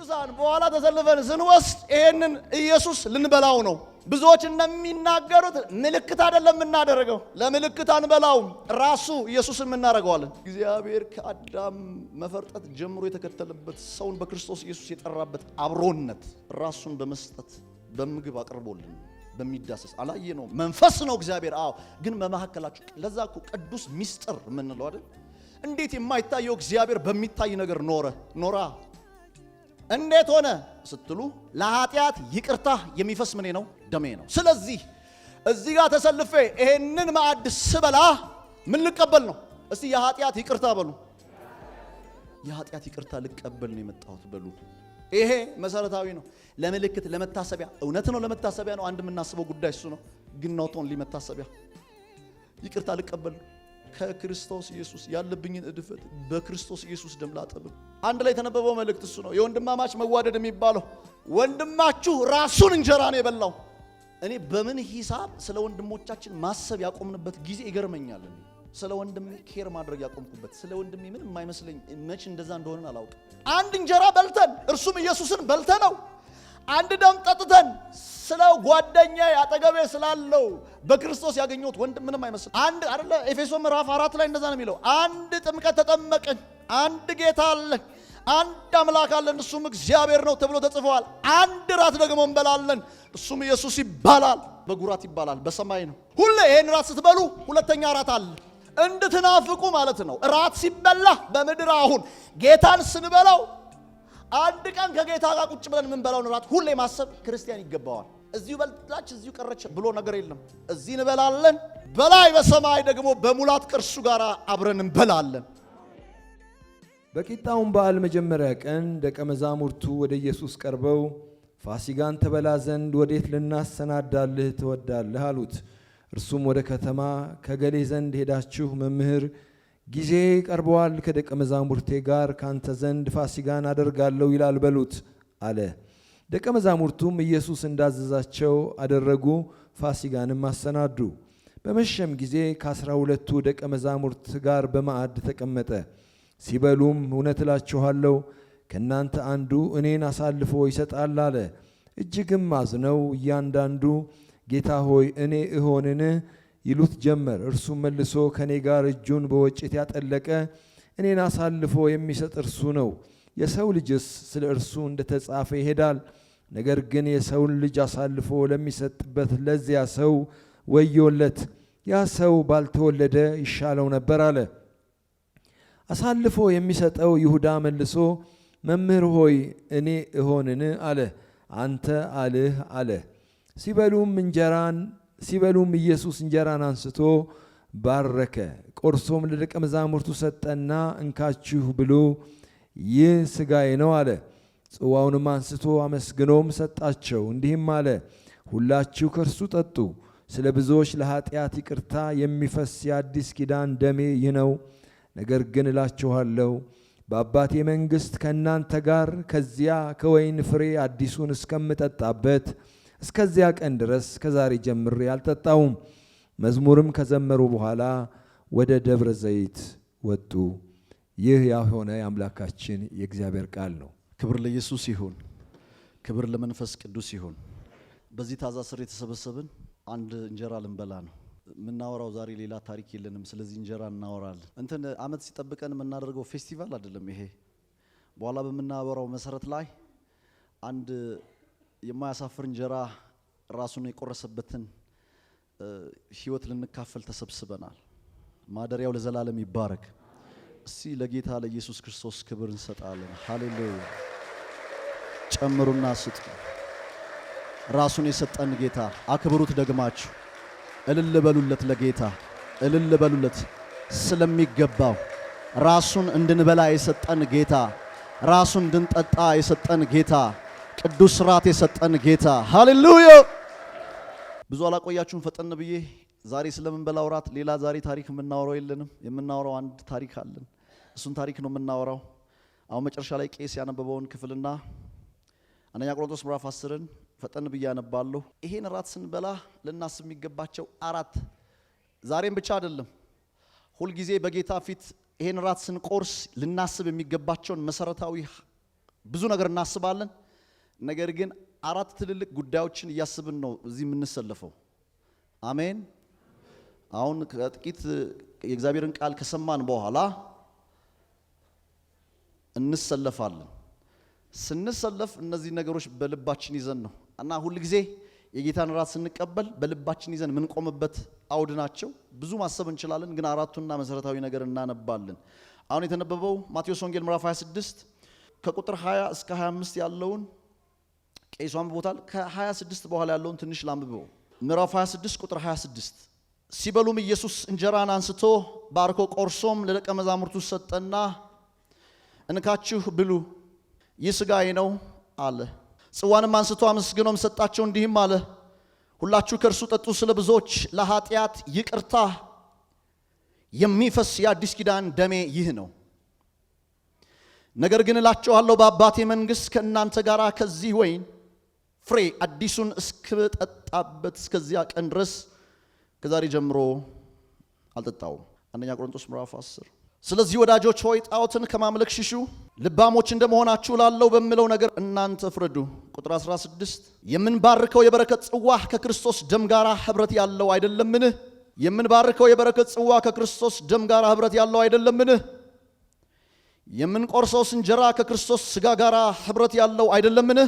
ቅዱሳን በኋላ ተሰልፈን ስንወስድ ይሄንን ኢየሱስ ልንበላው ነው። ብዙዎች እንደሚናገሩት ምልክት አይደለም የምናደርገው፣ ለምልክት አንበላውም፣ ራሱ ኢየሱስን የምናደርገዋለን። እግዚአብሔር ከአዳም መፈርጠት ጀምሮ የተከተለበት ሰውን በክርስቶስ ኢየሱስ የጠራበት አብሮነት ራሱን በመስጠት በምግብ አቅርቦልን በሚዳሰስ አላየ ነው። መንፈስ ነው እግዚአብሔር። አዎ፣ ግን በመካከላችሁ ለዛ እኮ ቅዱስ ሚስጥር የምንለው አይደል? እንዴት የማይታየው እግዚአብሔር በሚታይ ነገር ኖረ ኖራ እንዴት ሆነ ስትሉ ለኃጢአት ይቅርታ የሚፈስ ምኔ ነው ደሜ ነው። ስለዚህ እዚህ ጋር ተሰልፌ ይሄንን ማዕድ ስበላ ምን ልቀበል ነው? እስቲ የኃጢአት ይቅርታ በሉ። የኃጢአት ይቅርታ ልቀበል ነው የመጣሁት በሉ። ይሄ መሰረታዊ ነው። ለምልክት ለመታሰቢያ፣ እውነት ነው፣ ለመታሰቢያ ነው። አንድ የምናስበው ጉዳይ እሱ ነው። ግን ኖት ሊመታሰቢያ ይቅርታ ልቀበል ነው ከክርስቶስ ኢየሱስ ያለብኝን እድፈት በክርስቶስ ኢየሱስ ደም ላጠብም። አንድ ላይ የተነበበው መልእክት እሱ ነው። የወንድማማች መዋደድ የሚባለው ወንድማችሁ ራሱን እንጀራ ነው የበላው። እኔ በምን ሂሳብ ስለ ወንድሞቻችን ማሰብ ያቆምንበት ጊዜ ይገርመኛል። ስለ ወንድሜ ኬር ማድረግ ያቆምኩበት ስለ ወንድሜ ምንም አይመስለኝ። መች እንደዛ እንደሆነን አላውቅም። አንድ እንጀራ በልተን እርሱም ኢየሱስን በልተ ነው አንድ ደም ጠጥተን ስለ ጓደኛ አጠገቤ ስላለው በክርስቶስ ያገኘሁት ወንድም ምንም አይመስል። አንድ አይደለ ኤፌሶ ምዕራፍ አራት ላይ እንደዛ ነው የሚለው። አንድ ጥምቀት ተጠመቅን፣ አንድ ጌታ አለን፣ አንድ አምላክ አለን፣ እሱም እግዚአብሔር ነው ተብሎ ተጽፈዋል። አንድ ራት ደግሞ እንበላለን፣ እሱም ኢየሱስ ይባላል። በጉራት ይባላል፣ በሰማይ ነው። ሁሌ ይህን ራት ስትበሉ ሁለተኛ ራት አለ እንድትናፍቁ ማለት ነው። ራት ሲበላ በምድር አሁን ጌታን ስንበላው አንድ ቀን ከጌታ ጋር ቁጭ ብለን የምንበላውን እራት ሁሌ ማሰብ ክርስቲያን ይገባዋል። እዚሁ በላች እዚሁ ቀረች ብሎ ነገር የለም። እዚህ እንበላለን፣ በላይ በሰማይ ደግሞ በሙላት ቅርሱ ጋር አብረን እንበላለን። በቂጣውን በዓል መጀመሪያ ቀን ደቀ መዛሙርቱ ወደ ኢየሱስ ቀርበው ፋሲጋን ትበላ ዘንድ ወዴት ልናሰናዳልህ ትወዳለህ? አሉት። እርሱም ወደ ከተማ ከገሌ ዘንድ ሄዳችሁ መምህር ጊዜ ቀርበዋል፣ ከደቀ መዛሙርቴ ጋር ካንተ ዘንድ ፋሲጋን አደርጋለሁ ይላል በሉት አለ። ደቀ መዛሙርቱም ኢየሱስ እንዳዘዛቸው አደረጉ፣ ፋሲጋንም አሰናዱ። በመሸም ጊዜ ከአስራ ሁለቱ ደቀ መዛሙርት ጋር በማዕድ ተቀመጠ። ሲበሉም እውነት እላችኋለሁ ከእናንተ አንዱ እኔን አሳልፎ ይሰጣል አለ። እጅግም አዝነው እያንዳንዱ ጌታ ሆይ እኔ እሆንን ይሉት ጀመር። እርሱ መልሶ ከኔ ጋር እጁን በወጭት ያጠለቀ እኔን አሳልፎ የሚሰጥ እርሱ ነው። የሰው ልጅስ ስለ እርሱ እንደ ተጻፈ ይሄዳል። ነገር ግን የሰውን ልጅ አሳልፎ ለሚሰጥበት ለዚያ ሰው ወዮለት! ያ ሰው ባልተወለደ ይሻለው ነበር አለ። አሳልፎ የሚሰጠው ይሁዳ መልሶ መምህር ሆይ እኔ እሆንን? አለ። አንተ አልህ አለ። ሲበሉም እንጀራን ሲበሉም ኢየሱስ እንጀራን አንስቶ ባረከ፣ ቆርሶም ለደቀ መዛሙርቱ ሰጠና እንካችሁ ብሉ፣ ይህ ሥጋዬ ነው አለ። ጽዋውንም አንስቶ አመስግኖም ሰጣቸው፣ እንዲህም አለ፣ ሁላችሁ ከእርሱ ጠጡ። ስለ ብዙዎች ለኃጢአት ይቅርታ የሚፈስ የአዲስ ኪዳን ደሜ ይህ ነው። ነገር ግን እላችኋለሁ በአባቴ መንግሥት ከእናንተ ጋር ከዚያ ከወይን ፍሬ አዲሱን እስከምጠጣበት እስከዚያ ቀን ድረስ ከዛሬ ጀምሬ አልጠጣውም። መዝሙርም ከዘመሩ በኋላ ወደ ደብረ ዘይት ወጡ። ይህ የሆነ የአምላካችን የእግዚአብሔር ቃል ነው። ክብር ለኢየሱስ ይሁን፣ ክብር ለመንፈስ ቅዱስ ይሁን። በዚህ ታዛ ስር የተሰበሰብን አንድ እንጀራ ልንበላ ነው የምናወራው። ዛሬ ሌላ ታሪክ የለንም። ስለዚህ እንጀራ እናወራለን። እንትን አመት ሲጠብቀን የምናደርገው ፌስቲቫል አይደለም ይሄ። በኋላ በምናወራው መሰረት ላይ አንድ የማያሳፍር እንጀራ ራሱን የቆረሰበትን ህይወት ልንካፈል ተሰብስበናል። ማደሪያው ለዘላለም ይባረክ። እስቲ ለጌታ ለኢየሱስ ክርስቶስ ክብር እንሰጣለን። ሃሌሉያ! ጨምሩና ስጡ። ራሱን የሰጠን ጌታ አክብሩት። ደግማችሁ እልል በሉለት፣ ለጌታ እልል በሉለት። ስለሚገባው ራሱን እንድንበላ የሰጠን ጌታ፣ ራሱን እንድንጠጣ የሰጠን ጌታ ቅዱስ ስርዓት የሰጠን ጌታ ሃሌሉያ። ብዙ አላቆያችሁን ፈጠን ብዬ ዛሬ ስለምንበላው ራት ሌላ ዛሬ ታሪክ የምናወራው የለንም። የምናወራው አንድ ታሪክ አለን። እሱን ታሪክ ነው የምናወራው። አሁን መጨረሻ ላይ ቄስ ያነበበውን ክፍልና አንደኛ ቆሮንቶስ ምዕራፍ አስርን ፈጠን ብዬ አነባለሁ። ይሄን ራት ስንበላ ልናስብ የሚገባቸው አራት ዛሬም ብቻ አይደለም፣ ሁልጊዜ በጌታ ፊት ይሄን ራት ስንቆርስ ልናስብ የሚገባቸውን መሰረታዊ ብዙ ነገር እናስባለን። ነገር ግን አራት ትልልቅ ጉዳዮችን እያስብን ነው እዚህ የምንሰለፈው። አሜን። አሁን ከጥቂት የእግዚአብሔርን ቃል ከሰማን በኋላ እንሰለፋለን። ስንሰለፍ እነዚህ ነገሮች በልባችን ይዘን ነው እና ጊዜ የጌታን ራት ስንቀበል በልባችን ይዘን የምንቆምበት አውድ ናቸው። ብዙ ማሰብ እንችላለን፣ ግን አራቱና መሰረታዊ ነገር እናነባለን። አሁን የተነበበው ማቴዎስ ወንጌል ምዕራፍ 26 ከቁጥር 20 እስከ 25 ያለውን ቄሷም አንብቦታል ከ26 በኋላ ያለውን ትንሽ ላንብበው። ምዕራፍ 26 ቁጥር 26 ሲበሉም ኢየሱስ እንጀራን አንስቶ ባርኮ ቆርሶም ለደቀ መዛሙርቱ ሰጠና እንካችሁ ብሉ፣ ይህ ሥጋዬ ነው አለ። ጽዋንም አንስቶ አመስግኖም ሰጣቸው፣ እንዲህም አለ ሁላችሁ ከእርሱ ጠጡ፣ ስለ ብዙዎች ለኃጢአት ይቅርታ የሚፈስ የአዲስ ኪዳን ደሜ ይህ ነው። ነገር ግን እላችኋለሁ በአባቴ መንግሥት ከእናንተ ጋር ከዚህ ወይን ፍሬ አዲሱን እስክጠጣበት እስከዚያ ቀን ድረስ ከዛሬ ጀምሮ አልጠጣውም። አንደኛ ቆሮንቶስ ምዕራፍ 10 ስለዚህ ወዳጆች ሆይ ጣዖትን ከማምለክ ሽሹ፣ ልባሞች እንደመሆናችሁ ላለው በምለው ነገር እናንተ ፍረዱ። ቁጥር 16 የምንባርከው የበረከት ጽዋ ከክርስቶስ ደም ጋር ኅብረት ያለው አይደለምን? የምንባርከው የበረከት ጽዋ ከክርስቶስ ደም ጋር ኅብረት ያለው አይደለምን? የምንቆርሰውስ እንጀራ ከክርስቶስ ሥጋ ጋር ኅብረት ያለው አይደለምን?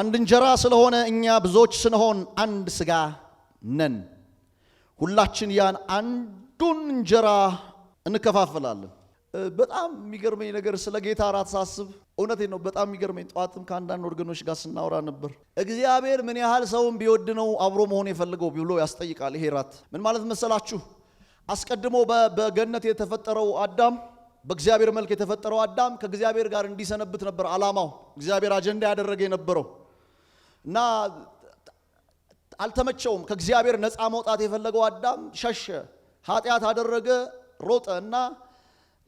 አንድ እንጀራ ስለሆነ እኛ ብዙዎች ስንሆን አንድ ስጋ ነን። ሁላችን ያን አንዱን እንጀራ እንከፋፈላለን። በጣም የሚገርመኝ ነገር ስለ ጌታ እራት ሳስብ እውነቴ ነው። በጣም የሚገርመኝ ጠዋትም ከአንዳንድ ወገኖች ጋር ስናወራ ነበር። እግዚአብሔር ምን ያህል ሰውን ቢወድ ነው አብሮ መሆን የፈልገው ብሎ ያስጠይቃል። ይሄ ራት ምን ማለት መሰላችሁ? አስቀድሞ በገነት የተፈጠረው አዳም በእግዚአብሔር መልክ የተፈጠረው አዳም ከእግዚአብሔር ጋር እንዲሰነብት ነበር አላማው፣ እግዚአብሔር አጀንዳ ያደረገ የነበረው እና አልተመቸውም። ከእግዚአብሔር ነፃ መውጣት የፈለገው አዳም ሸሸ፣ ኃጢአት አደረገ፣ ሮጠ እና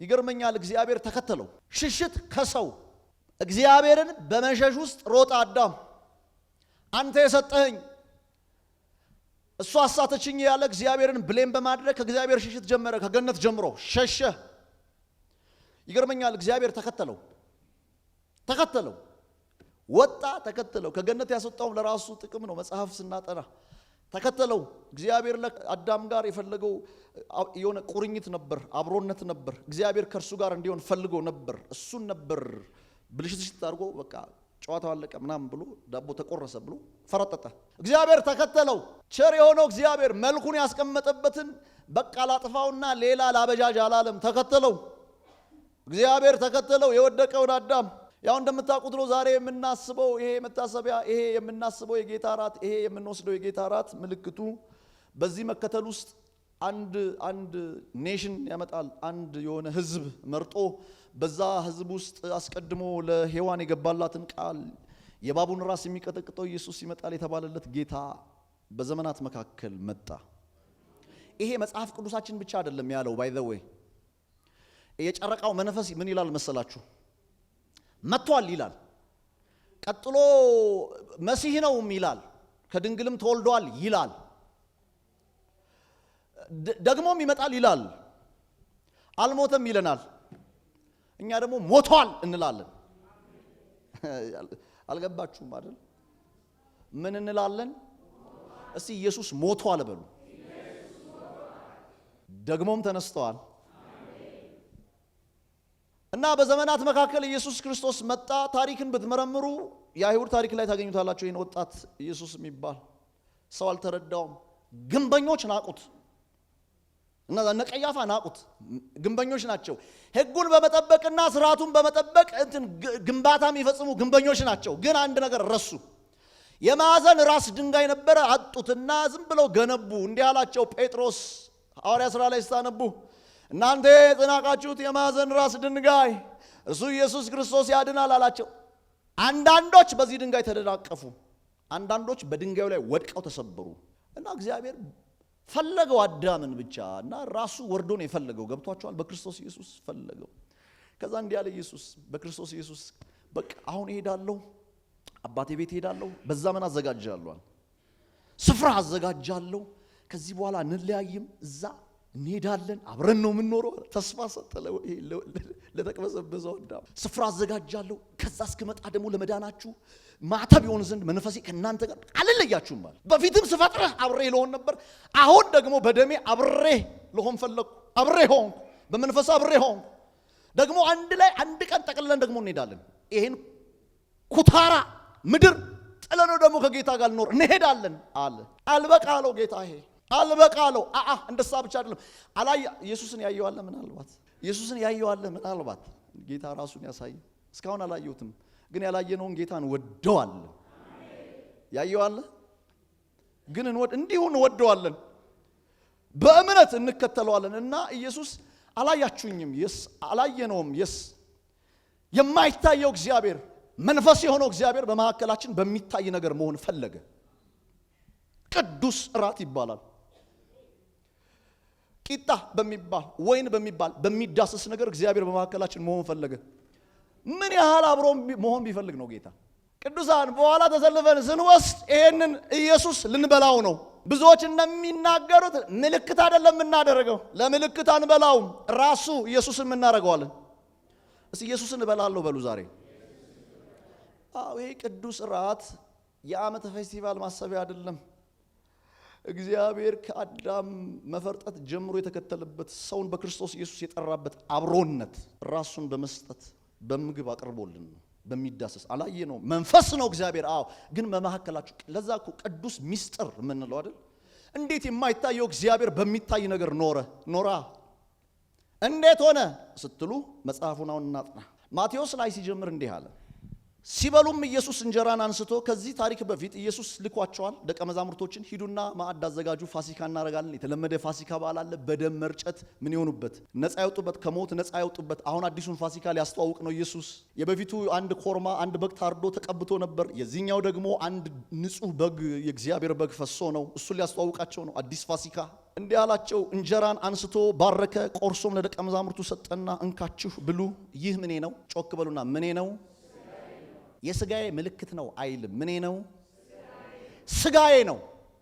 ይገርመኛል፣ እግዚአብሔር ተከተለው። ሽሽት ከሰው እግዚአብሔርን በመሸሽ ውስጥ ሮጠ አዳም። አንተ የሰጠኸኝ እሷ አሳተችኝ ያለ እግዚአብሔርን ብሌም በማድረግ ከእግዚአብሔር ሽሽት ጀመረ። ከገነት ጀምሮ ሸሸ። ይገርመኛል። እግዚአብሔር ተከተለው ተከተለው ወጣ ተከተለው። ከገነት ያስወጣውም ለራሱ ጥቅም ነው። መጽሐፍ ስናጠና ተከተለው። እግዚአብሔር አዳም ጋር የፈለገው የሆነ ቁርኝት ነበር፣ አብሮነት ነበር። እግዚአብሔር ከእርሱ ጋር እንዲሆን ፈልጎ ነበር። እሱን ነበር ሽት አድርጎ በቃ ጨዋታው አለቀ ምናምን ብሎ ዳቦ ተቆረሰ ብሎ ፈረጠጠ። እግዚአብሔር ተከተለው። ቸር የሆነው እግዚአብሔር መልኩን ያስቀመጠበትን በቃ ላጥፋውና ሌላ ላበጃጅ አላለም። ተከተለው። እግዚአብሔር ተከተለው የወደቀውን አዳም። ያው እንደምታውቁት ነው ዛሬ የምናስበው ይሄ መታሰቢያ፣ ይሄ የምናስበው የጌታ እራት፣ ይሄ የምንወስደው የጌታ እራት ምልክቱ በዚህ መከተል ውስጥ አንድ አንድ ኔሽን ያመጣል። አንድ የሆነ ህዝብ መርጦ በዛ ህዝብ ውስጥ አስቀድሞ ለሔዋን የገባላትን ቃል የባቡን ራስ የሚቀጠቅጠው ኢየሱስ ይመጣል የተባለለት ጌታ በዘመናት መካከል መጣ። ይሄ መጽሐፍ ቅዱሳችን ብቻ አይደለም ያለው ባይ ዘ የጨረቃው መንፈስ ምን ይላል መሰላችሁ? መጥቷል ይላል። ቀጥሎ መሲህ ነውም ይላል። ከድንግልም ተወልዷል ይላል። ደግሞም ይመጣል ይላል። አልሞተም ይለናል። እኛ ደግሞ ሞቷል እንላለን። አልገባችሁም አይደል? ምን እንላለን? እስቲ ኢየሱስ ሞቷል በሉ። ደግሞም ተነስተዋል እና በዘመናት መካከል ኢየሱስ ክርስቶስ መጣ። ታሪክን ብትመረምሩ የአይሁድ ታሪክ ላይ ታገኙታላችሁ። ይህን ወጣት ኢየሱስ የሚባል ሰው አልተረዳውም። ግንበኞች ናቁት እና እነ ቀያፋ ናቁት። ግንበኞች ናቸው። ህጉን በመጠበቅና ስርዓቱን በመጠበቅ እንትን ግንባታ የሚፈጽሙ ግንበኞች ናቸው። ግን አንድ ነገር ረሱ። የማዕዘን ራስ ድንጋይ ነበረ፣ አጡትና ዝም ብለው ገነቡ። እንዲህ አላቸው ጴጥሮስ ሐዋርያ ሥራ ላይ ስታነቡ እናንተ የናቃችሁት የማዕዘን ራስ ድንጋይ እሱ ኢየሱስ ክርስቶስ ያድናል አላቸው። አንዳንዶች በዚህ ድንጋይ ተደናቀፉ፣ አንዳንዶች በድንጋዩ ላይ ወድቀው ተሰበሩ እና እግዚአብሔር ፈለገው አዳምን ብቻ እና ራሱ ወርዶ ነው የፈለገው። ገብቷቸዋል። በክርስቶስ ኢየሱስ ፈለገው። ከዛ እንዲህ ያለ ኢየሱስ በክርስቶስ ኢየሱስ በቃ አሁን እሄዳለሁ፣ አባቴ ቤት እሄዳለሁ፣ በዛ ምን አዘጋጃለሁ፣ ስፍራ አዘጋጃለሁ። ከዚህ በኋላ እንለያይም እዛ እንሄዳለን አብረን ነው የምንኖረው። ተስፋ ሰጠ ለተቅበዘበዘው አዳም። ስፍራ አዘጋጃለሁ ከዛ እስክመጣ ደግሞ ለመዳናችሁ ማዕተብ ይሆን ዘንድ መንፈሴ ከእናንተ ጋር አልለያችሁም ማለት በፊትም ስፈጥረህ አብሬ ለሆን ነበር፣ አሁን ደግሞ በደሜ አብሬ ለሆን ፈለግኩ። አብሬ ሆንኩ፣ በመንፈስ አብሬ ሆንኩ። ደግሞ አንድ ላይ አንድ ቀን ጠቅልለን ደግሞ እንሄዳለን። ይህን ኩታራ ምድር ጥለነው ደግሞ ከጌታ ጋር ልኖር እንሄዳለን አለ። አልበቃ አለው ጌታ ይሄ አልበቃ አለው። አአ እንደሳ ብቻ አይደለም። አላ ኢየሱስን ያየዋለ ምናልባት ኢየሱስን ያየዋለ ምናልባት ጌታ ራሱን ያሳየ እስካሁን አላየሁትም፣ ግን ያላየነውን ጌታን ወደዋለ ያየዋለ ግን እንወድ እንዲሁ እንወደዋለን፣ በእምነት እንከተለዋለን እና ኢየሱስ አላያችሁኝም፣ የስ አላየነውም፣ የስ የማይታየው እግዚአብሔር መንፈስ የሆነው እግዚአብሔር በመካከላችን በሚታይ ነገር መሆን ፈለገ። ቅዱስ እራት ይባላል። ቂጣ በሚባል ወይን በሚባል በሚዳስስ ነገር እግዚአብሔር በመካከላችን መሆን ፈለገ። ምን ያህል አብሮ መሆን ቢፈልግ ነው ጌታ። ቅዱሳን በኋላ ተሰልፈን ስንወስድ ይሄንን ኢየሱስ ልንበላው ነው። ብዙዎች እንደሚናገሩት ምልክት አይደለም የምናደርገው፣ ለምልክት አንበላውም፣ ራሱ ኢየሱስን እናደርገዋለን። እስ ኢየሱስን እበላለሁ በሉ ዛሬ። አዎ ቅዱስ ራት የዓመት ፌስቲቫል ማሰቢያ አይደለም። እግዚአብሔር ከአዳም መፈርጠት ጀምሮ የተከተለበት ሰውን በክርስቶስ ኢየሱስ የጠራበት አብሮነት ራሱን በመስጠት በምግብ አቅርቦልን ነው። በሚዳሰስ አላየ ነው መንፈስ ነው እግዚአብሔር። አዎ ግን በመካከላችሁ ለዛ እኮ ቅዱስ ሚስጥር የምንለው አይደል? እንዴት የማይታየው እግዚአብሔር በሚታይ ነገር ኖረ ኖራ እንዴት ሆነ ስትሉ መጽሐፉን አሁን እናጥና። ማቴዎስ ላይ ሲጀምር እንዲህ አለ ሲበሉም ኢየሱስ እንጀራን አንስቶ ከዚህ ታሪክ በፊት ኢየሱስ ልኳቸዋል ደቀ መዛሙርቶችን ሂዱና ማዕድ አዘጋጁ፣ ፋሲካ እናደርጋለን። የተለመደ ፋሲካ በዓል አለ። በደም መርጨት ምን ይሆኑበት ነፃ ያውጡበት፣ ከሞት ነፃ ያውጡበት። አሁን አዲሱን ፋሲካ ሊያስተዋውቅ ነው ኢየሱስ። የበፊቱ አንድ ኮርማ አንድ በግ ታርዶ ተቀብቶ ነበር። የዚህኛው ደግሞ አንድ ንጹህ በግ የእግዚአብሔር በግ ፈሶ ነው። እሱን ሊያስተዋውቃቸው ነው አዲስ ፋሲካ። እንዲህ አላቸው፣ እንጀራን አንስቶ ባረከ፣ ቆርሶም ለደቀ መዛሙርቱ ሰጠና እንካችሁ ብሉ፣ ይህ ምኔ ነው። ጮክ በሉና ምኔ ነው የስጋዬ ምልክት ነው አይልም። ምኔ ነው? ስጋዬ ነው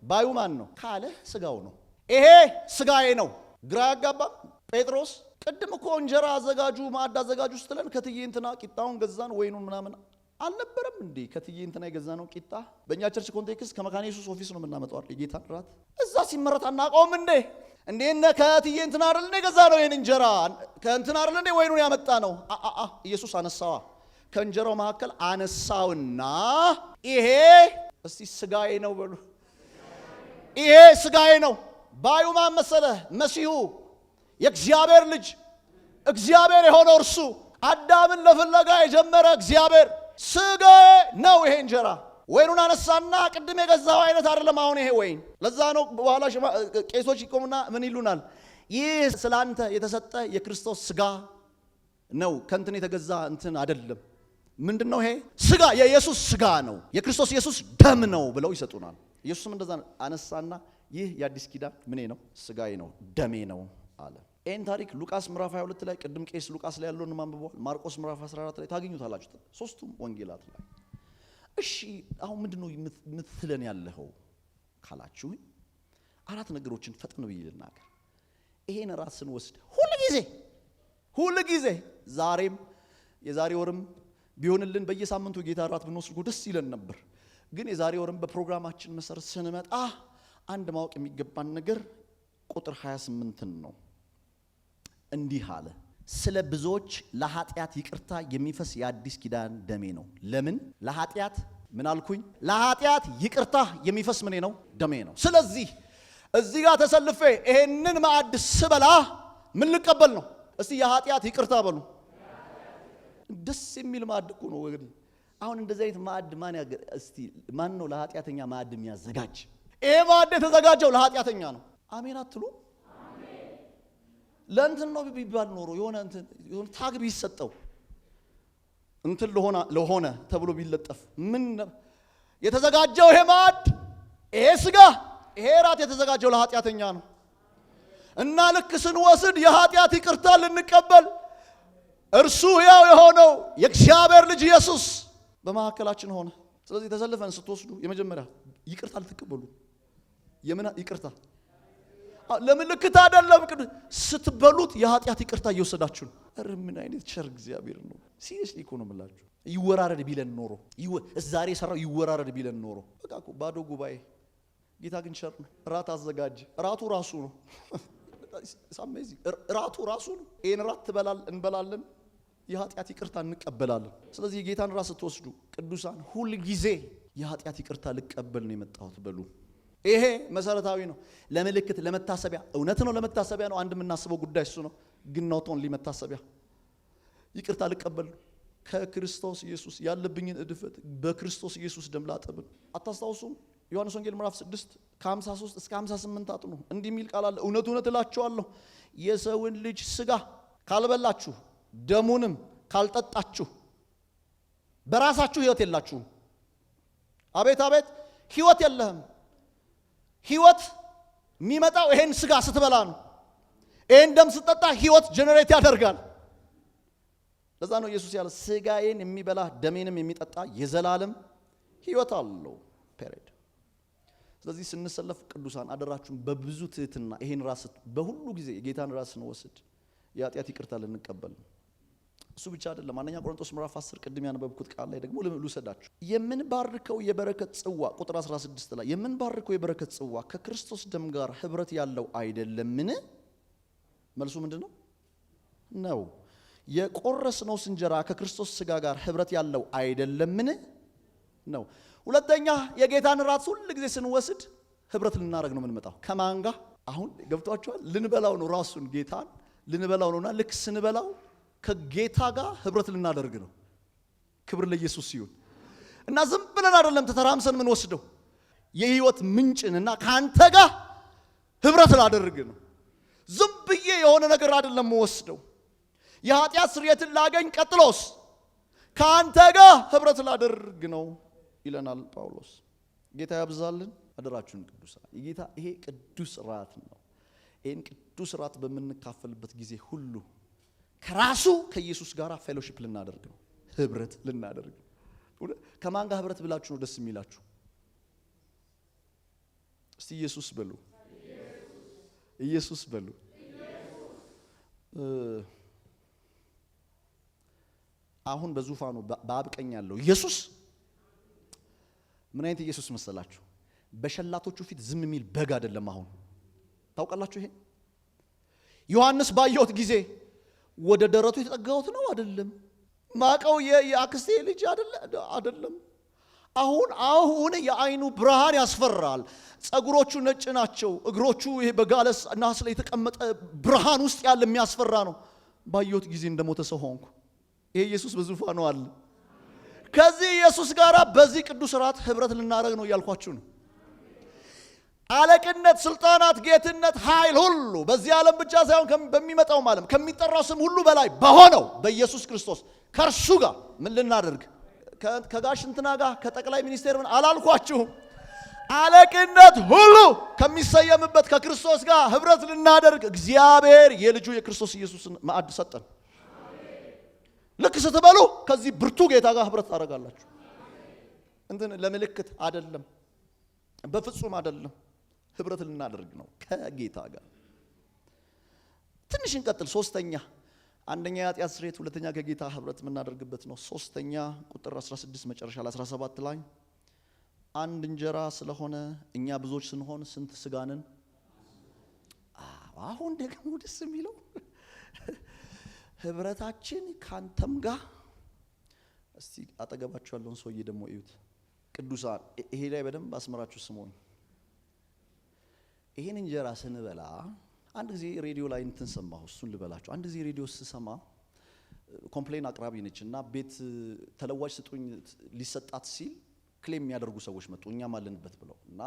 ባዩ ማን ነው ካለ ስጋው ነው። ይሄ ስጋዬ ነው። ግራ ያጋባም ጴጥሮስ ቅድም እኮ እንጀራ አዘጋጁ ማዕድ አዘጋጁ ስትለን ከትዬ እንትና ቂጣውን ገዛን ወይኑን ምናምን አልነበረም እንዴ? ከትዬ እንትና የገዛ ነው ቂጣ። በእኛ ቸርች ኮንቴክስት ከመካነ ኢየሱስ ኦፊስ ነው የምናመጣው ጌታ ራት እዛ ሲመረት አናውቀውም እንዴ? እንዴ እነ ከትዬ እንትና አይደል ነው ይህን እንጀራ ከእንትና አይደል ወይኑን ያመጣ ነው። ኢየሱስ አነሳዋ ከእንጀራው መካከል አነሳውና ይሄ እስቲ ስጋዬ ነው በሉ። ይሄ ስጋዬ ነው ባዩ ማን መሰለ? መሲሁ የእግዚአብሔር ልጅ እግዚአብሔር የሆነው እርሱ አዳምን ለፍለጋ የጀመረ እግዚአብሔር ስጋዬ ነው ይሄ እንጀራ። ወይኑን አነሳና ቅድም የገዛው አይነት አይደለም አሁን ይሄ ወይን። ለዛ ነው በኋላ ቄሶች ይቆሙና ምን ይሉናል? ይህ ስለ አንተ የተሰጠ የክርስቶስ ስጋ ነው ከንትን የተገዛ እንትን አይደለም። ምንድን ነው ይሄ? ስጋ የኢየሱስ ስጋ ነው፣ የክርስቶስ ኢየሱስ ደም ነው ብለው ይሰጡናል። ኢየሱስም እንደዛ አነሳና ይህ የአዲስ ኪዳን ምኔ ነው? ስጋዬ ነው፣ ደሜ ነው አለ። ይህን ታሪክ ሉቃስ ምዕራፍ 22 ላይ ቅድም ቄስ ሉቃስ ላይ ያለውን ማንብበዋል። ማርቆስ ምዕራፍ 14 ላይ ታገኙታላችሁ፣ ሶስቱም ወንጌላት ላይ። እሺ አሁን ምንድን ነው የምትለን ያለኸው ካላችሁኝ፣ አራት ነገሮችን ፈጥን ብዬ ልናገር። ይሄን ራስን ወስድ ጊዜ ሁልጊዜ ጊዜ ዛሬም የዛሬ ወርም ቢሆንልን በየሳምንቱ ጌታ እራት ብንወስድ ደስ ይለን ነበር። ግን የዛሬ ወርም በፕሮግራማችን መሰረት ስንመጣ አንድ ማወቅ የሚገባን ነገር ቁጥር 28ን ነው። እንዲህ አለ፣ ስለ ብዙዎች ለኃጢአት ይቅርታ የሚፈስ የአዲስ ኪዳን ደሜ ነው። ለምን ለኃጢአት ምን አልኩኝ? ለኃጢአት ይቅርታ የሚፈስ ምኔ ነው? ደሜ ነው። ስለዚህ እዚህ ጋር ተሰልፌ ይሄንን ማዕድ ስበላ ምን ልቀበል ነው? እስቲ የኃጢአት ይቅርታ በሉ ደስ የሚል ማዕድ እኮ ነው ወገኔ። አሁን እንደዚህ አይነት ማዕድ ማን እስቲ ማን ነው ለኃጢአተኛ ማዕድ የሚያዘጋጅ? ይሄ ማዕድ የተዘጋጀው ለኃጢአተኛ ነው። አሜን አትሉ? ለእንትን ነው ቢባል ኖሮ የሆነ እንትን የሆነ ታግ ቢሰጠው እንትን ለሆነ ለሆነ ተብሎ ቢለጠፍ ምን የተዘጋጀው ይሄ ማዕድ ይሄ ስጋ ይሄ ራት የተዘጋጀው ለኃጢአተኛ ነው እና ልክ ስንወስድ የኃጢአት ይቅርታ ልንቀበል እርሱ ያው የሆነው የእግዚአብሔር ልጅ ኢየሱስ በመካከላችን ሆነ። ስለዚህ ተሰልፈን ስትወስዱ የመጀመሪያ ይቅርታ ልትቀበሉ የምን ይቅርታ ለምልክት አይደለም። ስትበሉት የኃጢአት ይቅርታ እየወሰዳችሁ ነው። ምን አይነት ቸር እግዚአብሔር ነው! ሲሪየስሊ እኮ ነው የምላችሁ። ይወራረድ ቢለን ኖሮ ዛሬ የሰራው ይወራረድ ቢለን ኖሮ በቃ እኮ ባዶ ጉባኤ። ጌታ ግን ቸር ነው። እራት አዘጋጅ። እራቱ ራሱ ነው። እራቱ ራሱ ነው። ይህን እራት ትበላል እንበላለን የኃጢአት ይቅርታ እንቀበላለን። ስለዚህ የጌታን ራስ ስትወስዱ ቅዱሳን ሁል ጊዜ የኃጢአት ይቅርታ ልቀበል ነው የመጣሁት በሉ። ይሄ መሰረታዊ ነው። ለምልክት ለመታሰቢያ፣ እውነት ነው፣ ለመታሰቢያ ነው። አንድ የምናስበው ጉዳይ እሱ ነው። ግን ናውቶን ሊመታሰቢያ ይቅርታ ልቀበል ከክርስቶስ ኢየሱስ ያለብኝን እድፈት በክርስቶስ ኢየሱስ ደም ላጠብን። አታስታውሱም? ዮሐንስ ወንጌል ምዕራፍ 6 ከ53 እስከ 58 አጥኑ። እንዲህ የሚል ቃል አለ። እውነት እውነት እላችኋለሁ የሰውን ልጅ ስጋ ካልበላችሁ ደሙንም ካልጠጣችሁ በራሳችሁ ህይወት የላችሁም። አቤት አቤት፣ ህይወት የለህም። ህይወት የሚመጣው ይሄን ስጋ ስትበላ ነው። ይሄን ደም ስትጠጣ ህይወት ጀኔሬት ያደርጋል። ለዛ ነው ኢየሱስ ያለ ስጋዬን የሚበላ ደሜንም የሚጠጣ የዘላለም ህይወት አለው። ፔሬድ። ስለዚህ ስንሰለፍ ቅዱሳን አደራችሁን በብዙ ትህትና ይሄን ራስ በሁሉ ጊዜ የጌታን ራስ ስንወስድ የኃጢአት ይቅርታ ልንቀበል እሱ ብቻ አይደለም። አንደኛ ቆሮንቶስ ምዕራፍ 10 ቅድም ያነበብኩት ቃል ላይ ደግሞ ልውሰዳችሁ። የምንባርከው የበረከት ጽዋ ቁጥር 16 ላይ የምንባርከው የበረከት ጽዋ ከክርስቶስ ደም ጋር ህብረት ያለው አይደለምን? መልሱ ምንድን ነው? ነው የቆረስነውስ እንጀራ ከክርስቶስ ስጋ ጋር ህብረት ያለው አይደለምን? ነው። ሁለተኛ የጌታን ራት ሁል ጊዜ ስንወስድ ህብረት ልናደርግ ነው የምንመጣው። ከማን ጋር አሁን ገብቷቸዋል ልንበላው ነው ራሱን ጌታን ልንበላው ነውና ልክ ስንበላው ከጌታ ጋር ህብረት ልናደርግ ነው። ክብር ለኢየሱስ ይሁን እና ዝም ብለን አይደለም ተተራምሰን ምን ወስደው የህይወት ምንጭንና ከአንተ ጋር ህብረት ላደርግ ነው። ዝም ብዬ የሆነ ነገር አይደለም ወስደው የኃጢአት ስርየትን ላገኝ፣ ቀጥሎስ ከአንተ ጋር ህብረት ላደርግ ነው ይለናል ጳውሎስ። ጌታ ያብዛልን። አደራችሁን ቅዱሳን ጌታ ይሄ ቅዱስ ራት ነው። ይህን ቅዱስ ራት በምንካፈልበት ጊዜ ሁሉ ከራሱ ከኢየሱስ ጋር ፌሎሺፕ ልናደርግ ነው፣ ህብረት ልናደርግ ከማን ጋር ህብረት ብላችሁ ነው ደስ የሚላችሁ? እስቲ ኢየሱስ በሉ፣ ኢየሱስ በሉ። አሁን በዙፋኑ በአብ ቀኝ ያለው ኢየሱስ ምን አይነት ኢየሱስ መሰላችሁ? በሸላቶቹ ፊት ዝም የሚል በግ አይደለም። አሁን ታውቃላችሁ፣ ይሄ ዮሐንስ ባየሁት ጊዜ ወደ ደረቱ የተጠጋሁት ነው አይደለም። ማቀው የአክስቴ ልጅ አይደለም። አሁን አሁን የአይኑ ብርሃን ያስፈራል። ጸጉሮቹ ነጭ ናቸው። እግሮቹ ይሄ በጋለስ ናስ ላይ የተቀመጠ ብርሃን ውስጥ ያለ የሚያስፈራ ነው። ባየሁት ጊዜ እንደሞተ ሰው ሆንኩ። ይሄ ኢየሱስ በዙፋኑ አለ። ከዚህ ኢየሱስ ጋር በዚህ ቅዱስ ራት ህብረት ልናደርግ ነው እያልኳችሁ ነው። አለቅነት፣ ስልጣናት፣ ጌትነት፣ ኃይል ሁሉ በዚህ ዓለም ብቻ ሳይሆን በሚመጣውም ዓለም ከሚጠራው ስም ሁሉ በላይ በሆነው በኢየሱስ ክርስቶስ ከእርሱ ጋር ምን ልናደርግ ከጋሽ እንትና ጋር ከጠቅላይ ሚኒስቴር ምን አላልኳችሁም? አለቅነት ሁሉ ከሚሰየምበት ከክርስቶስ ጋር ህብረት ልናደርግ እግዚአብሔር የልጁ የክርስቶስ ኢየሱስን ማዕድ ሰጠን። ልክ ስትበሉ ከዚህ ብርቱ ጌታ ጋር ህብረት ታደርጋላችሁ። እንትን ለምልክት አይደለም፣ በፍጹም አይደለም። ህብረት ልናደርግ ነው ከጌታ ጋር። ትንሽ እንቀጥል። ሶስተኛ አንደኛ የአጢአት ስሬት ሁለተኛ ከጌታ ህብረት የምናደርግበት ነው። ሶስተኛ ቁጥር 16 መጨረሻ ላይ 17 ላይ አንድ እንጀራ ስለሆነ እኛ ብዙዎች ስንሆን ስንት ስጋንን አሁን ደግሞ ደስ የሚለው ህብረታችን ከአንተም ጋር እስቲ አጠገባችሁ ያለውን ሰውዬ ደግሞ እዩት። ቅዱሳን ይሄ ላይ በደንብ አስመራችሁ ስሞኝ? ይሄን እንጀራ ስንበላ አንድ ጊዜ ሬዲዮ ላይ እንትን ሰማሁ። እሱን ልበላችሁ። አንድ ጊዜ ሬዲዮ ስሰማ ኮምፕሌን አቅራቢ ነች እና ቤት ተለዋጭ ስጡኝ ሊሰጣት ሲል ክሌም የሚያደርጉ ሰዎች መጡ። እኛም አለንበት ብለው እና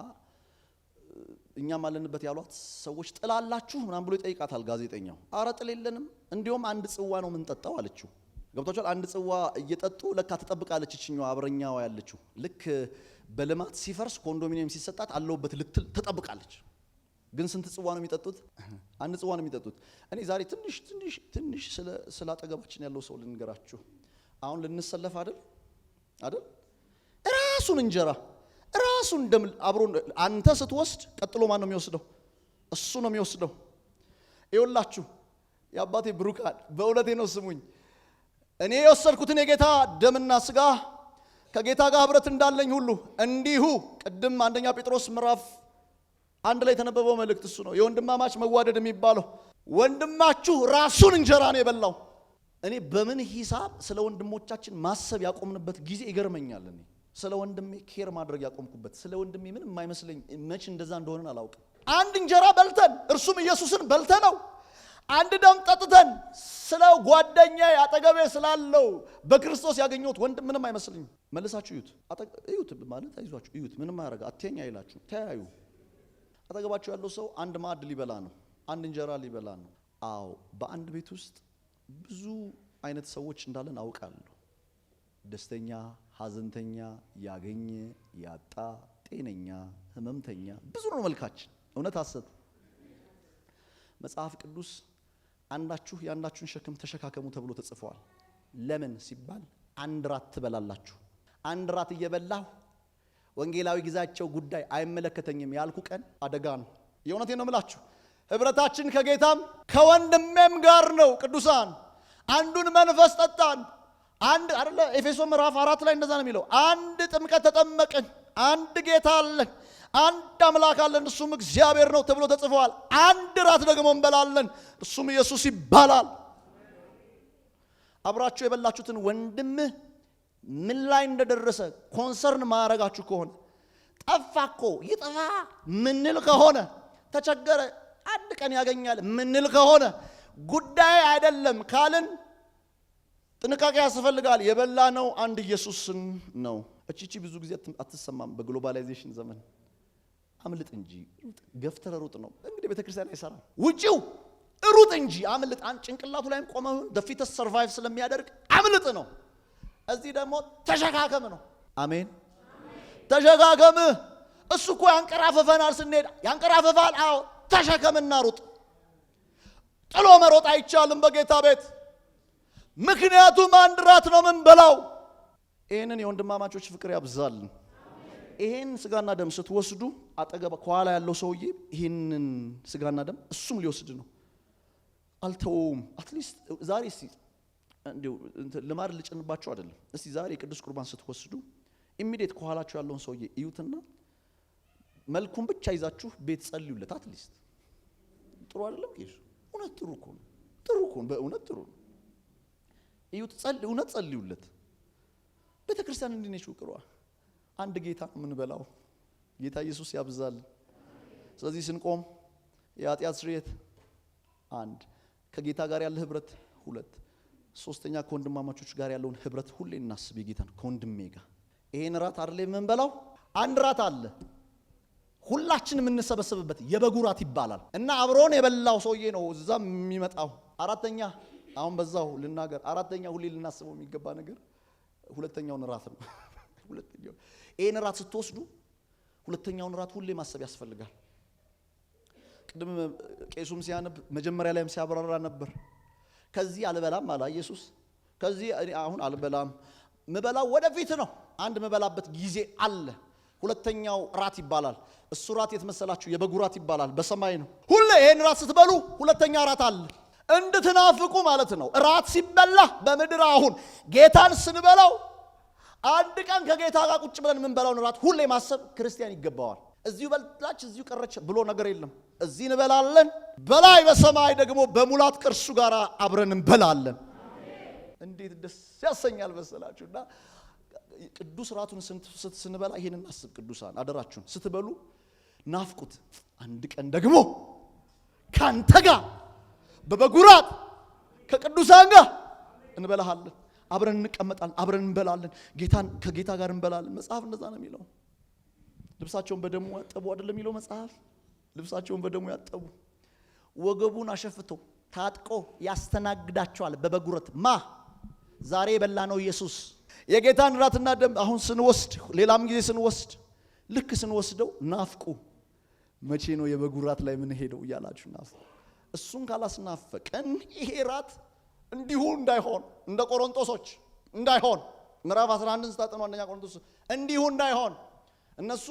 እኛም አለንበት ያሏት ሰዎች ጥላላችሁ ምናም ብሎ ይጠይቃታል ጋዜጠኛው። አረ ጥል የለንም፣ እንዲሁም አንድ ጽዋ ነው የምንጠጣው አለችው። ገብቷችኋል? አንድ ጽዋ እየጠጡ ለካ ትጠብቃለች እችኛዋ አብረኛዋ ያለችው። ልክ በልማት ሲፈርስ ኮንዶሚኒየም ሲሰጣት አለውበት ልትል ትጠብቃለች። ግን ስንት ጽዋ ነው የሚጠጡት? አንድ ጽዋ ነው የሚጠጡት። እኔ ዛሬ ትንሽ ትንሽ ትንሽ ስለ አጠገባችን ያለው ሰው ልንገራችሁ። አሁን ልንሰለፍ አይደል አይደል? ራሱን እንጀራ ራሱን ደም አብሮ አንተ ስትወስድ፣ ቀጥሎ ማን ነው የሚወስደው? እሱ ነው የሚወስደው። ይኸውላችሁ የአባቴ ብሩካን በእውነቴ ነው። ስሙኝ፣ እኔ የወሰድኩትን የጌታ ደምና ስጋ ከጌታ ጋር ህብረት እንዳለኝ ሁሉ እንዲሁ ቅድም አንደኛ ጴጥሮስ ምዕራፍ አንድ ላይ የተነበበው መልእክት እሱ ነው። የወንድማማች መዋደድ የሚባለው ወንድማችሁ ራሱን እንጀራ ነው የበላው። እኔ በምን ሂሳብ ስለ ወንድሞቻችን ማሰብ ያቆምንበት ጊዜ ይገርመኛል። እኔ ስለ ወንድሜ ኬር ማድረግ ያቆምኩበት ስለ ወንድሜ ምንም የማይመስለኝ መች እንደዛ እንደሆነን አላውቅም። አንድ እንጀራ በልተን እርሱም ኢየሱስን በልተ ነው አንድ ደም ጠጥተን ስለ ጓደኛ አጠገቤ ስላለው በክርስቶስ ያገኘሁት ወንድም ምንም አይመስልኝ። መልሳችሁ እዩት፣ እዩት ማለት አይዟችሁ፣ እዩት ምንም አያረጋ አትኛ ይላችሁ ተያዩ አጠገባቸው ያለው ሰው አንድ ማዕድ ሊበላ ነው፣ አንድ እንጀራ ሊበላ ነው። አዎ በአንድ ቤት ውስጥ ብዙ አይነት ሰዎች እንዳለን አውቃለሁ። ደስተኛ፣ ሀዘንተኛ ያገኘ፣ ያጣ፣ ጤነኛ፣ ህመምተኛ፣ ብዙ ነው መልካችን። እውነት አሰብ መጽሐፍ ቅዱስ አንዳችሁ የአንዳችሁን ሸክም ተሸካከሙ ተብሎ ተጽፏል። ለምን ሲባል አንድ ራት ትበላላችሁ። አንድ ራት እየበላሁ ወንጌላዊ ግዛቸው ጉዳይ አይመለከተኝም ያልኩ ቀን አደጋ ነው። የእውነቴ ነው ምላችሁ። ህብረታችን ከጌታም ከወንድሜም ጋር ነው። ቅዱሳን አንዱን መንፈስ ጠጣን። አንድ አለ ኤፌሶ ምዕራፍ አራት ላይ እንደዛ ነው የሚለው። አንድ ጥምቀት ተጠመቅን፣ አንድ ጌታ አለን፣ አንድ አምላክ አለን፣ እሱም እግዚአብሔር ነው ተብሎ ተጽፏል። አንድ ራት ደግሞ እንበላለን፣ እሱም ኢየሱስ ይባላል። አብራችሁ የበላችሁትን ወንድምህ ምን ላይ እንደደረሰ ኮንሰርን ማረጋችሁ ከሆነ ጠፋኮ ይጠፋ ይጥፋ ምንል ከሆነ ተቸገረ አንድ ቀን ያገኛል ምንል ከሆነ ጉዳይ አይደለም ካልን ጥንቃቄ ያስፈልጋል። የበላ ነው አንድ ኢየሱስን ነው። እቺቺ ብዙ ጊዜ አትሰማም። በግሎባላይዜሽን ዘመን አምልጥ እንጂ ገፍተረ ሩጥ ነው እንግዲህ ቤተክርስቲያን አይሰራም። ውጪው ሩጥ እንጂ አምልጥ። ጭንቅላቱ ላይም ቆመ ደፊተስ ሰርቫይቭ ስለሚያደርግ አምልጥ ነው። እዚህ ደግሞ ተሸካከም ነው። አሜን። ተሸካከም እሱ እኮ ያንቀራፈፈናል። ስንሄድ ያንቀራፈፋል። አዎ ተሸከምና ሩጥ። ጥሎ መሮጥ አይቻልም በጌታ ቤት። ምክንያቱም አንድ ራት ነው ምን በላው። ይህንን የወንድማማቾች ፍቅር ያብዛልን። ይህን ስጋና ደም ስትወስዱ አጠገብ ከኋላ ያለው ሰውዬ ይህንን ስጋና ደም እሱም ሊወስድ ነው። አልተወውም። አትሊስት ዛሬ ልማድ ልጭንባቸው አይደለም። እስቲ ዛሬ የቅዱስ ቁርባን ስትወስዱ ኢሚዲየት ከኋላችሁ ያለውን ሰውዬ እዩትና መልኩን ብቻ ይዛችሁ ቤት ጸልዩለት። አትሊስት ጥሩ አይደለም? ጌሽ እውነት ጥሩ እኮ ነው። ጥሩ እኮ ነው። በእውነት ጥሩ ነው። እዩት፣ እውነት ጸልዩለት። ቤተ ክርስቲያን እንዲህ ነች። ውቅሯ አንድ ጌታ የምንበላው ጌታ ኢየሱስ ያብዛል። ስለዚህ ስንቆም የኃጢአት ስርየት አንድ፣ ከጌታ ጋር ያለ ህብረት ሁለት ሶስተኛ ከወንድማማቾች ጋር ያለውን ህብረት ሁሌ እናስብ። ጌታን ከወንድሜ ጋር ይሄን ራት አይደለ የምንበላው፣ አንድ ራት አለ ሁላችን የምንሰበሰብበት የበጉ ራት ይባላል እና አብሮን የበላው ሰውዬ ነው እዛም የሚመጣው። አራተኛ አሁን በዛው ልናገር፣ አራተኛ ሁሌ ልናስበው የሚገባ ነገር ሁለተኛውን ራት ነው። ሁለተኛው ይሄን ራት ስትወስዱ ሁለተኛውን ራት ሁሌ ማሰብ ያስፈልጋል። ቅድም ቄሱም ሲያነብ መጀመሪያ ላይም ሲያብራራ ነበር። ከዚህ አልበላም አላ ኢየሱስ። ከዚህ አሁን አልበላም፣ ምበላው ወደፊት ነው። አንድ ምበላበት ጊዜ አለ። ሁለተኛው ራት ይባላል። እሱ ራት የተመሰላችሁ የበጉ ራት ይባላል። በሰማይ ነው። ሁሌ ይህን ራት ስትበሉ ሁለተኛ ራት አለ እንድትናፍቁ ማለት ነው። ራት ሲበላ በምድር አሁን ጌታን ስንበላው አንድ ቀን ከጌታ ጋር ቁጭ ብለን የምንበላውን ራት ሁሌ ማሰብ ክርስቲያን ይገባዋል። እዚሁ በላች እዚሁ ቀረች ብሎ ነገር የለም። እዚህ እንበላለን፣ በላይ በሰማይ ደግሞ በሙላት ቅርሱ ጋር አብረን እንበላለን። እንዴት ደስ ያሰኛል መሰላችሁና እና ቅዱስ ራቱን ስንበላ ይሄን እናስብ። ቅዱሳን አደራችሁን ስትበሉ ናፍቁት። አንድ ቀን ደግሞ ካንተ ጋር በበጉራት ከቅዱሳን ጋር እንበላሃለን፣ አብረን እንቀመጣለን፣ አብረን እንበላለን፣ ጌታን ከጌታ ጋር እንበላለን። መጽሐፍ እንደዛ ነው የሚለው። ልብሳቸውን በደሙ ያጠቡ አይደለም የሚለው መጽሐፍ። ልብሳቸውን በደሙ ያጠቡ ወገቡን አሸፍቶ ታጥቆ ያስተናግዳቸዋል በበጉረት ማ ዛሬ የበላ ነው ኢየሱስ። የጌታን ራትና ደም አሁን ስንወስድ፣ ሌላም ጊዜ ስንወስድ፣ ልክ ስንወስደው ናፍቁ መቼ ነው የበጉ ራት ላይ ሄደው እያላችሁ ናፍቁ። እሱን ካላስናፈቀን ይሄ ራት እንዲሁ እንዳይሆን እንደ ቆሮንጦሶች እንዳይሆን ምዕራፍ 11 ስታጠኑ አንደኛ ቆሮንጦስ እንዲሁ እንዳይሆን እነሱ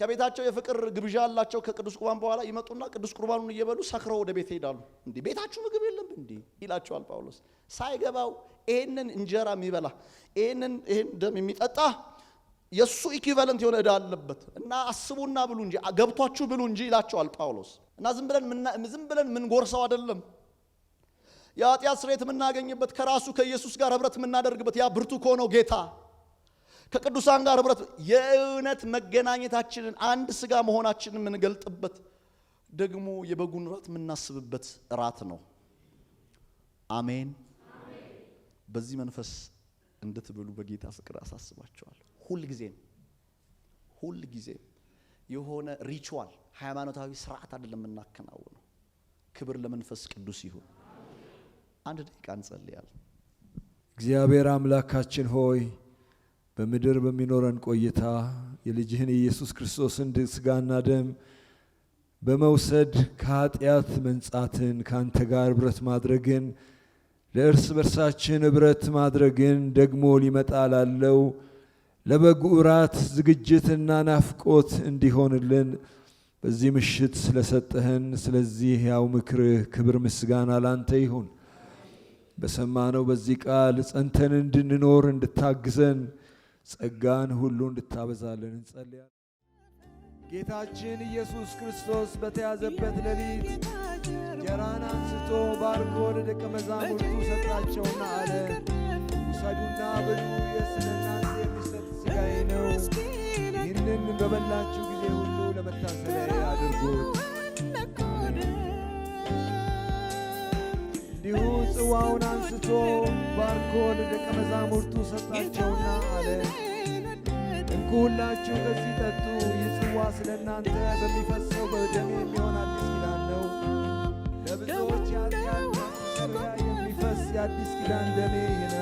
ከቤታቸው የፍቅር ግብዣ አላቸው ከቅዱስ ቁርባን በኋላ ይመጡና ቅዱስ ቁርባኑን እየበሉ ሰክረው ወደ ቤት ይሄዳሉ። እንዴ ቤታችሁ ምግብ የለም እንዴ ይላቸዋል ጳውሎስ። ሳይገባው ይህንን እንጀራ የሚበላ ይህንን ይህን ደም የሚጠጣ የእሱ ኢኪቫለንት የሆነ ዕዳ አለበት እና አስቡና ብሉ እንጂ ገብቷችሁ ብሉ እንጂ ይላቸዋል ጳውሎስ። እና ዝም ብለን ዝም ብለን ምንጎርሰው አይደለም የኃጢአት ስርየት የምናገኝበት ከራሱ ከኢየሱስ ጋር ህብረት የምናደርግበት ያ ብርቱ ከሆነው ጌታ ከቅዱሳን ጋር ህብረት የእውነት መገናኘታችንን አንድ ስጋ መሆናችንን የምንገልጥበት ደግሞ የበጉን ራት የምናስብበት ራት ነው። አሜን። በዚህ መንፈስ እንድትብሉ በጌታ ፍቅር አሳስባቸዋል። ሁልጊዜም ሁልጊዜም የሆነ ሪችዋል ሃይማኖታዊ ስርዓት አይደለም የምናከናውነው። ክብር ለመንፈስ ቅዱስ ይሁን። አንድ ደቂቃ እንጸልያለን። እግዚአብሔር አምላካችን ሆይ በምድር በሚኖረን ቆይታ የልጅህን የኢየሱስ ክርስቶስን ስጋና ደም በመውሰድ ከኃጢአት መንጻትን ከአንተ ጋር ኅብረት ማድረግን ለእርስ በርሳችን ኅብረት ማድረግን ደግሞ ሊመጣ ላለው ለበጉ እራት ዝግጅትና ናፍቆት እንዲሆንልን በዚህ ምሽት ስለሰጠህን ስለዚህ ያው ምክርህ ክብር ምስጋና ላንተ ይሁን። በሰማነው በዚህ ቃል ጸንተን እንድንኖር እንድታግዘን ጸጋን ሁሉ እንድታበዛለን እንጸልያለን። ጌታችን ኢየሱስ ክርስቶስ በተያዘበት ሌሊት ጀራን አንስቶ ባርኮ ለደቀ መዛሙርቱ ሰጣቸውና አለ፣ ውሰዱና ብሉ፣ የስለናት የሚሰጥ ሥጋዬ ነው። ይህንን በበላችሁ ጊዜ ሁሉ ለመታሰቢያ አድርጉት። እንዲሁ ጽዋውን አንስቶ ባርኮ ለደቀ መዛሙርቱ ሰጣቸውና አለ፣ እንኩ ሁላችሁ ከዚህ ጠጡ። ይህ ጽዋ ስለ እናንተ በሚፈሰው በደሜ የሚሆን አዲስ ኪዳን ነው። ለብዙዎች ያልቃል የሚፈስ የአዲስ ኪዳን ደሜ ይህ ነው።